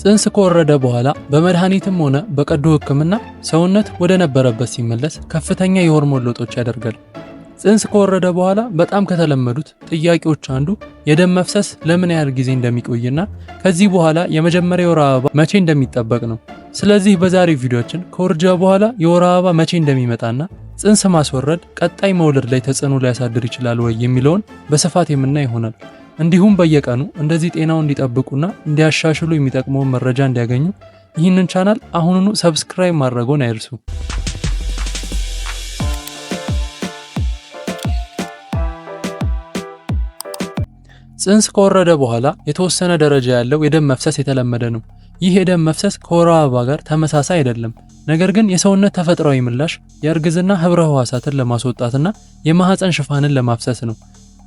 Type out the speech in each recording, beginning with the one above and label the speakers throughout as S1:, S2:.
S1: ጽንስ ከወረደ በኋላ በመድኃኒትም ሆነ በቀዶ ሕክምና ሰውነት ወደ ነበረበት ሲመለስ ከፍተኛ የሆርሞን ለውጦች ያደርጋል። ጽንስ ከወረደ በኋላ በጣም ከተለመዱት ጥያቄዎች አንዱ የደም መፍሰስ ለምን ያህል ጊዜ እንደሚቆይና ከዚህ በኋላ የመጀመሪያ የወር አበባ መቼ እንደሚጠበቅ ነው። ስለዚህ በዛሬው ቪዲዮችን ከውርጃ በኋላ የወር አበባ መቼ እንደሚመጣና ጽንስ ማስወረድ ቀጣይ መውለድ ላይ ተጽዕኖ ሊያሳድር ይችላል ወይ የሚለውን በስፋት የምናይ ይሆናል። እንዲሁም በየቀኑ እንደዚህ ጤናው እንዲጠብቁና እንዲያሻሽሉ የሚጠቅመውን መረጃ እንዲያገኙ ይህንን ቻናል አሁኑኑ ሰብስክራይብ ማድረጎን አይርሱ። ጽንስ ከወረደ በኋላ የተወሰነ ደረጃ ያለው የደም መፍሰስ የተለመደ ነው። ይህ የደም መፍሰስ ከወር አበባ ጋር ተመሳሳይ አይደለም። ነገር ግን የሰውነት ተፈጥሯዊ ምላሽ የእርግዝና ህብረ ህዋሳትን ለማስወጣትና የማህፀን ሽፋንን ለማፍሰስ ነው።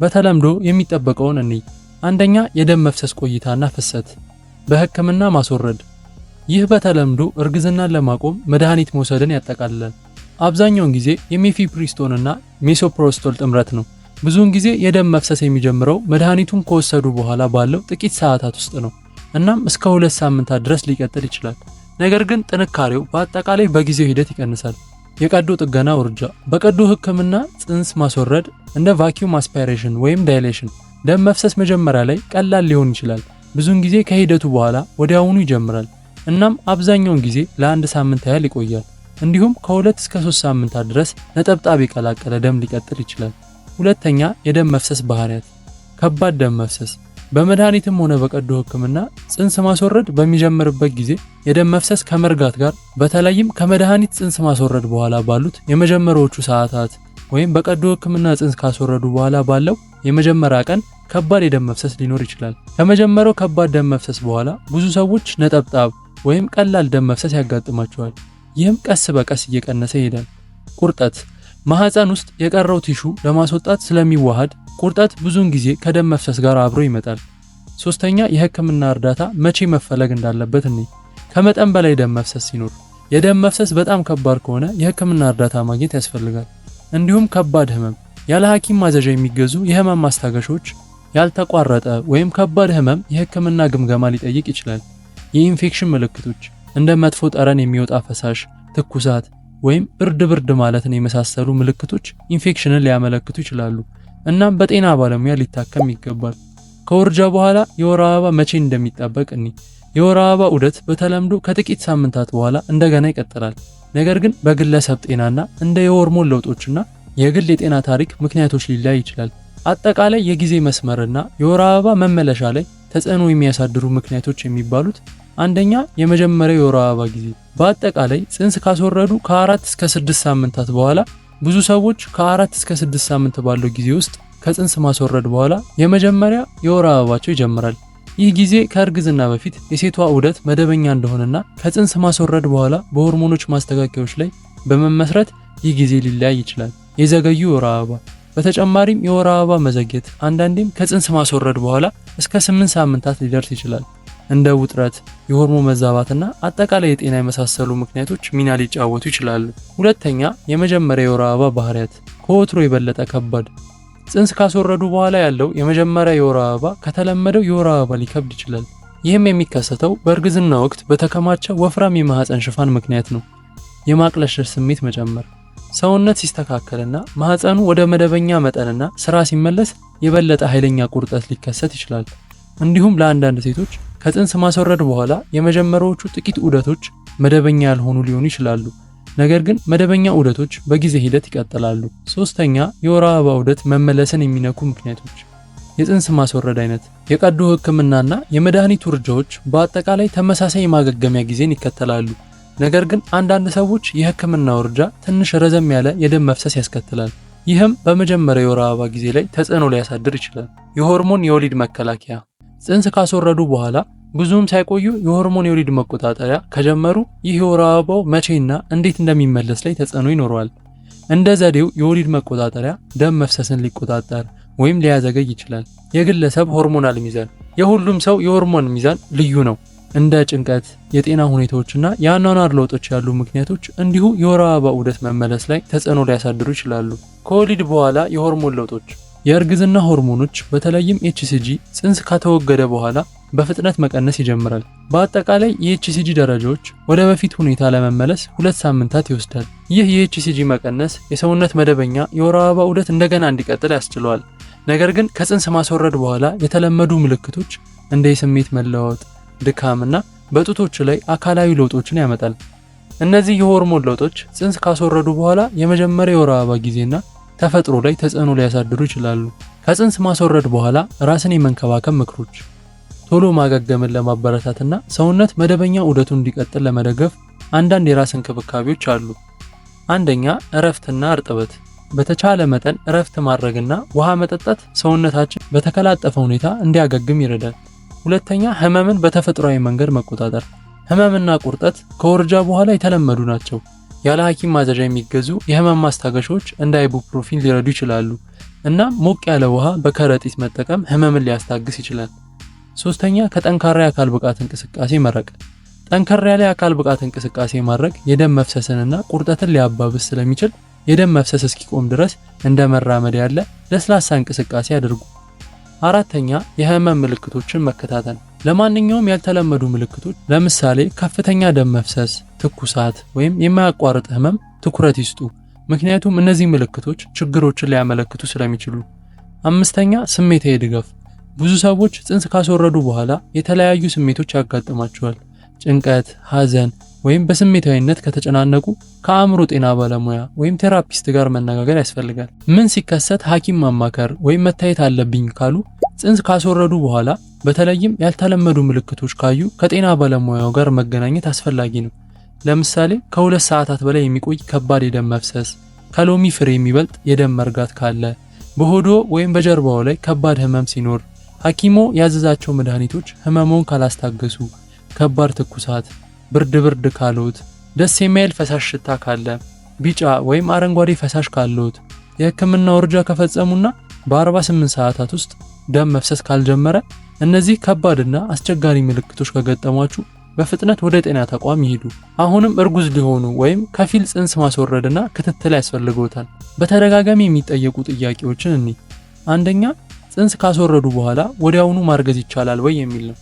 S1: በተለምዶ የሚጠበቀውን እንይ። አንደኛ የደም መፍሰስ ቆይታና ፍሰት በህክምና ማስወረድ። ይህ በተለምዶ እርግዝናን ለማቆም መድኃኒት መውሰድን ያጠቃልላል። አብዛኛውን ጊዜ የሜፊፕሪስቶንና ሜሶፕሮስቶል ጥምረት ነው። ብዙውን ጊዜ የደም መፍሰስ የሚጀምረው መድኃኒቱን ከወሰዱ በኋላ ባለው ጥቂት ሰዓታት ውስጥ ነው። እናም እስከ ሁለት ሳምንታት ድረስ ሊቀጥል ይችላል። ነገር ግን ጥንካሬው በአጠቃላይ በጊዜው ሂደት ይቀንሳል። የቀዶ ጥገና ውርጃ በቀዶ ህክምና ጽንስ ማስወረድ እንደ ቫኪዩም አስፓይሬሽን ወይም ዳይሌሽን ደም መፍሰስ መጀመሪያ ላይ ቀላል ሊሆን ይችላል። ብዙውን ጊዜ ከሂደቱ በኋላ ወዲያውኑ ይጀምራል፣ እናም አብዛኛውን ጊዜ ለአንድ ሳምንት ያህል ይቆያል። እንዲሁም ከሁለት እስከ ሶስት ሳምንታት ድረስ ነጠብጣብ የቀላቀለ ደም ሊቀጥል ይችላል። ሁለተኛ የደም መፍሰስ ባህሪያት፣ ከባድ ደም መፍሰስ በመድኃኒትም ሆነ በቀዶ ህክምና ጽንስ ማስወረድ በሚጀምርበት ጊዜ የደም መፍሰስ ከመርጋት ጋር በተለይም ከመድኃኒት ጽንስ ማስወረድ በኋላ ባሉት የመጀመሪያዎቹ ሰዓታት ወይም በቀዶ ህክምና ጽንስ ካስወረዱ በኋላ ባለው የመጀመሪያ ቀን ከባድ የደም መፍሰስ ሊኖር ይችላል። ከመጀመሪያው ከባድ ደም መፍሰስ በኋላ ብዙ ሰዎች ነጠብጣብ ወይም ቀላል ደም መፍሰስ ያጋጥማቸዋል። ይህም ቀስ በቀስ እየቀነሰ ይሄዳል። ቁርጠት ማህፀን ውስጥ የቀረው ቲሹ ለማስወጣት ስለሚዋሃድ ቁርጠት ብዙውን ጊዜ ከደም መፍሰስ ጋር አብሮ ይመጣል። ሶስተኛ የህክምና እርዳታ መቼ መፈለግ እንዳለበት እኔ ከመጠን በላይ ደም መፍሰስ ሲኖር የደም መፍሰስ በጣም ከባድ ከሆነ የህክምና እርዳታ ማግኘት ያስፈልጋል። እንዲሁም ከባድ ህመም ያለ ሐኪም ማዘዣ የሚገዙ የህመም ማስታገሾች፣ ያልተቋረጠ ወይም ከባድ ህመም የህክምና ግምገማ ሊጠይቅ ይችላል። የኢንፌክሽን ምልክቶች እንደ መጥፎ ጠረን የሚወጣ ፈሳሽ፣ ትኩሳት ወይም ብርድ ብርድ ማለትን የመሳሰሉ ምልክቶች ኢንፌክሽንን ሊያመለክቱ ይችላሉ። እናም በጤና ባለሙያ ሊታከም ይገባል። ከውርጃ በኋላ የወር አበባ መቼ እንደሚጠበቅ እኒ የወር አበባ ዑደት በተለምዶ ከጥቂት ሳምንታት በኋላ እንደገና ይቀጥላል። ነገር ግን በግለሰብ ጤናና እንደ የሆርሞን ለውጦችና የግል የጤና ታሪክ ምክንያቶች ሊለያይ ይችላል። አጠቃላይ የጊዜ መስመርና የወር አበባ መመለሻ ላይ ተጽዕኖ የሚያሳድሩ ምክንያቶች የሚባሉት አንደኛ፣ የመጀመሪያው የወር አበባ ጊዜ በአጠቃላይ ጽንስ ካስወረዱ ከአራት እስከ ስድስት ሳምንታት በኋላ ብዙ ሰዎች ከአራት እስከ ስድስት ሳምንት ባለው ጊዜ ውስጥ ከጽንስ ማስወረድ በኋላ የመጀመሪያ የወር አበባቸው ይጀምራል። ይህ ጊዜ ከእርግዝና በፊት የሴቷ ዑደት መደበኛ እንደሆነና ከጽንስ ማስወረድ በኋላ በሆርሞኖች ማስተካከዮች ላይ በመመስረት ይህ ጊዜ ሊለያይ ይችላል። የዘገዩ የወር አበባ። በተጨማሪም የወር አበባ መዘግየት አንዳንዴም ከጽንስ ማስወረድ በኋላ እስከ ስምንት ሳምንታት ሊደርስ ይችላል። እንደ ውጥረት፣ የሆርሞን መዛባትና አጠቃላይ የጤና የመሳሰሉ ምክንያቶች ሚና ሊጫወቱ ይችላሉ። ሁለተኛ፣ የመጀመሪያ የወር አበባ ባህሪያት ከወትሮ የበለጠ ከባድ። ጽንስ ካስወረዱ በኋላ ያለው የመጀመሪያ የወር አበባ ከተለመደው የወር አበባ ሊከብድ ይችላል። ይህም የሚከሰተው በእርግዝና ወቅት በተከማቸ ወፍራም የማህፀን ሽፋን ምክንያት ነው። የማቅለሽለሽ ስሜት መጨመር ሰውነት ሲስተካከልና ማህፀኑ ወደ መደበኛ መጠንና ስራ ሲመለስ የበለጠ ኃይለኛ ቁርጠት ሊከሰት ይችላል። እንዲሁም ለአንዳንድ ሴቶች ከጽንስ ማስወረድ በኋላ የመጀመሪያዎቹ ጥቂት ዑደቶች መደበኛ ያልሆኑ ሊሆኑ ይችላሉ። ነገር ግን መደበኛ ዑደቶች በጊዜ ሂደት ይቀጥላሉ። ሶስተኛ የወር አበባ ዑደት መመለስን የሚነኩ ምክንያቶች የጽንስ ማስወረድ አይነት፣ የቀዶ ህክምናና የመድኃኒት ውርጃዎች በአጠቃላይ ተመሳሳይ የማገገሚያ ጊዜን ይከተላሉ። ነገር ግን አንዳንድ ሰዎች የህክምና ውርጃ ትንሽ ረዘም ያለ የደም መፍሰስ ያስከትላል። ይህም በመጀመሪያ የወር አበባ ጊዜ ላይ ተጽዕኖ ሊያሳድር ይችላል። የሆርሞን የወሊድ መከላከያ፣ ጽንስ ካስወረዱ በኋላ ብዙም ሳይቆዩ የሆርሞን የወሊድ መቆጣጠሪያ ከጀመሩ ይህ የወር አበባው መቼና እንዴት እንደሚመለስ ላይ ተጽዕኖ ይኖረዋል። እንደ ዘዴው የወሊድ መቆጣጠሪያ ደም መፍሰስን ሊቆጣጠር ወይም ሊያዘገይ ይችላል። የግለሰብ ሆርሞናል ሚዛን የሁሉም ሰው የሆርሞን ሚዛን ልዩ ነው። እንደ ጭንቀት፣ የጤና ሁኔታዎችና የአኗኗር ለውጦች ያሉ ምክንያቶች እንዲሁ የወር አበባ ዑደት መመለስ ላይ ተጽዕኖ ሊያሳድሩ ይችላሉ። ከወሊድ በኋላ የሆርሞን ለውጦች የእርግዝና ሆርሞኖች በተለይም ኤችሲጂ ጽንስ ከተወገደ በኋላ በፍጥነት መቀነስ ይጀምራል። በአጠቃላይ የኤችሲጂ ደረጃዎች ወደ በፊት ሁኔታ ለመመለስ ሁለት ሳምንታት ይወስዳል። ይህ የኤችሲጂ መቀነስ የሰውነት መደበኛ የወር አበባ ዑደት እንደገና እንዲቀጥል ያስችለዋል። ነገር ግን ከጽንስ ማስወረድ በኋላ የተለመዱ ምልክቶች እንደ የስሜት መለዋወጥ፣ ድካምና በጡቶች ላይ አካላዊ ለውጦችን ያመጣል። እነዚህ የሆርሞን ለውጦች ጽንስ ካስወረዱ በኋላ የመጀመሪያ የወር አበባ ጊዜና ተፈጥሮ ላይ ተጽዕኖ ሊያሳድሩ ይችላሉ። ከጽንስ ማስወረድ በኋላ ራስን የመንከባከብ ምክሮች ቶሎ ማገገምን ለማበረታትና ሰውነት መደበኛ ዑደቱን እንዲቀጥል ለመደገፍ አንዳንድ የራስ እንክብካቤዎች አሉ። አንደኛ እረፍትና እርጥበት። በተቻለ መጠን እረፍት ማድረግና ውሃ መጠጣት ሰውነታችን በተከላጠፈ ሁኔታ እንዲያገግም ይረዳል። ሁለተኛ ህመምን በተፈጥሯዊ መንገድ መቆጣጠር። ህመምና ቁርጠት ከውርጃ በኋላ የተለመዱ ናቸው። ያለ ሐኪም ማዘዣ የሚገዙ የህመም ማስታገሻዎች እንደ አይቡፕሮፊን ሊረዱ ይችላሉ። እናም ሞቅ ያለ ውሃ በከረጢት መጠቀም ህመምን ሊያስታግስ ይችላል። ሶስተኛ ከጠንካራ የአካል ብቃት እንቅስቃሴ መረቅ። ጠንከር ያለ የአካል ብቃት እንቅስቃሴ ማድረግ የደም መፍሰስንና ቁርጠትን ሊያባብስ ስለሚችል የደም መፍሰስ እስኪቆም ድረስ እንደ መራመድ ያለ ለስላሳ እንቅስቃሴ ያድርጉ። አራተኛ የህመም ምልክቶችን መከታተል። ለማንኛውም ያልተለመዱ ምልክቶች ለምሳሌ ከፍተኛ ደም መፍሰስ፣ ትኩሳት ወይም የማያቋርጥ ህመም ትኩረት ይስጡ፣ ምክንያቱም እነዚህ ምልክቶች ችግሮችን ሊያመለክቱ ስለሚችሉ። አምስተኛ ስሜታዊ ድጋፍ ብዙ ሰዎች ጽንስ ካስወረዱ በኋላ የተለያዩ ስሜቶች ያጋጥማቸዋል። ጭንቀት፣ ሐዘን ወይም በስሜታዊነት ከተጨናነቁ ከአእምሮ ጤና ባለሙያ ወይም ቴራፒስት ጋር መነጋገር ያስፈልጋል። ምን ሲከሰት ሐኪም ማማከር ወይም መታየት አለብኝ ካሉ ጽንስ ካስወረዱ በኋላ በተለይም ያልተለመዱ ምልክቶች ካዩ ከጤና ባለሙያው ጋር መገናኘት አስፈላጊ ነው። ለምሳሌ ከሁለት ሰዓታት በላይ የሚቆይ ከባድ የደም መፍሰስ፣ ከሎሚ ፍሬ የሚበልጥ የደም መርጋት ካለ፣ በሆዶ ወይም በጀርባው ላይ ከባድ ህመም ሲኖር ሐኪሞ ያዘዛቸው መድኃኒቶች ህመሞን ካላስታገሱ፣ ከባድ ትኩሳት፣ ብርድ ብርድ ካሎት፣ ደስ የማይል ፈሳሽ ሽታ ካለ፣ ቢጫ ወይም አረንጓዴ ፈሳሽ ካሎት፣ የህክምና ውርጃ ከፈጸሙና በ48 ሰዓታት ውስጥ ደም መፍሰስ ካልጀመረ እነዚህ ከባድና አስቸጋሪ ምልክቶች ከገጠሟችሁ በፍጥነት ወደ ጤና ተቋም ይሄዱ። አሁንም እርጉዝ ሊሆኑ ወይም ከፊል ጽንስ ማስወረድና ክትትል ያስፈልግዎታል። በተደጋጋሚ የሚጠየቁ ጥያቄዎችን እኒ አንደኛ ጽንስ ካስወረዱ በኋላ ወዲያውኑ ማርገዝ ይቻላል ወይ የሚል ነው።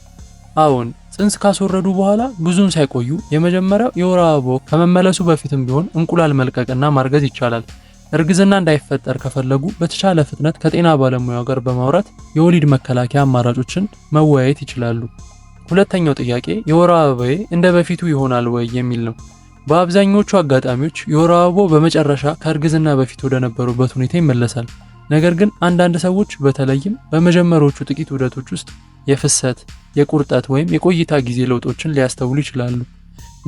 S1: አሁን ጽንስ ካስወረዱ በኋላ ብዙም ሳይቆዩ የመጀመሪያው የወር አበባ ከመመለሱ በፊትም ቢሆን እንቁላል መልቀቅና ማርገዝ ይቻላል። እርግዝና እንዳይፈጠር ከፈለጉ በተቻለ ፍጥነት ከጤና ባለሙያ ጋር በማውራት የወሊድ መከላከያ አማራጮችን መወያየት ይችላሉ። ሁለተኛው ጥያቄ የወር አበባዬ እንደ በፊቱ ይሆናል ወይ የሚል ነው። በአብዛኞቹ አጋጣሚዎች የወር አበባው በመጨረሻ ከእርግዝና በፊት ወደነበሩበት ሁኔታ ይመለሳል። ነገር ግን አንዳንድ ሰዎች በተለይም በመጀመሪያዎቹ ጥቂት ውህደቶች ውስጥ የፍሰት፣ የቁርጠት ወይም የቆይታ ጊዜ ለውጦችን ሊያስተውሉ ይችላሉ።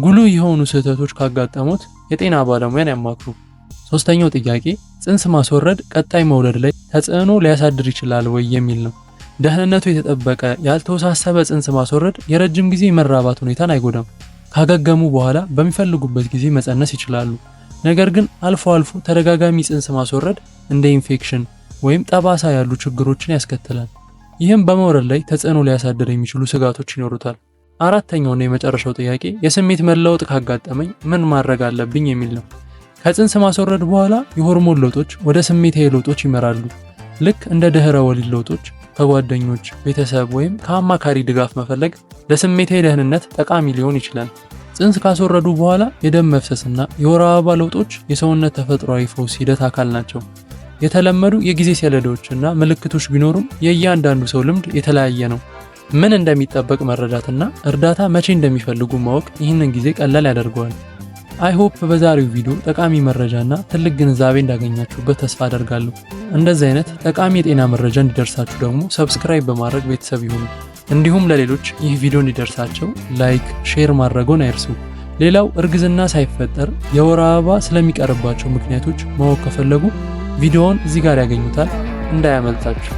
S1: ጉሉ የሆኑ ስህተቶች ካጋጠሙት የጤና ባለሙያን ያማክሩ። ሶስተኛው ጥያቄ ጽንስ ማስወረድ ቀጣይ መውለድ ላይ ተጽዕኖ ሊያሳድር ይችላል ወይ የሚል ነው። ደህንነቱ የተጠበቀ ያልተወሳሰበ ጽንስ ማስወረድ የረጅም ጊዜ መራባት ሁኔታን አይጎዳም። ካገገሙ በኋላ በሚፈልጉበት ጊዜ መጸነስ ይችላሉ። ነገር ግን አልፎ አልፎ ተደጋጋሚ ጽንስ ማስወረድ እንደ ኢንፌክሽን ወይም ጠባሳ ያሉ ችግሮችን ያስከትላል። ይህም በመውረድ ላይ ተጽዕኖ ሊያሳድር የሚችሉ ስጋቶች ይኖሩታል። አራተኛውና የመጨረሻው ጥያቄ የስሜት መለወጥ ካጋጠመኝ ምን ማድረግ አለብኝ የሚል ነው። ከጽንስ ማስወረድ በኋላ የሆርሞን ለውጦች ወደ ስሜታዊ ለውጦች ይመራሉ። ልክ እንደ ድህረ ወሊድ ለውጦች ከጓደኞች፣ ቤተሰብ ወይም ከአማካሪ ድጋፍ መፈለግ ለስሜታዊ ደህንነት ጠቃሚ ሊሆን ይችላል። ጽንስ ካስወረዱ በኋላ የደም መፍሰስና የወር አበባ ለውጦች የሰውነት ተፈጥሯዊ ፈውስ ሂደት አካል ናቸው። የተለመዱ የጊዜ ሰሌዳዎችና ምልክቶች ቢኖሩም የእያንዳንዱ ሰው ልምድ የተለያየ ነው። ምን እንደሚጠበቅ መረዳትና እርዳታ መቼ እንደሚፈልጉ ማወቅ ይህንን ጊዜ ቀላል ያደርገዋል። አይሆፕ በዛሬው ቪዲዮ ጠቃሚ መረጃና ትልቅ ግንዛቤ እንዳገኛችሁበት ተስፋ አደርጋለሁ። እንደዚህ አይነት ጠቃሚ የጤና መረጃ እንዲደርሳችሁ ደግሞ ሰብስክራይብ በማድረግ ቤተሰብ ይሁኑ። እንዲሁም ለሌሎች ይህ ቪዲዮ እንዲደርሳቸው ላይክ፣ ሼር ማድረጎን አይርሱ። ሌላው እርግዝና ሳይፈጠር የወር አበባ ስለሚቀርባቸው ምክንያቶች ማወቅ ከፈለጉ ቪዲዮውን እዚህ ጋር ያገኙታል፣ እንዳያመልጣችሁ።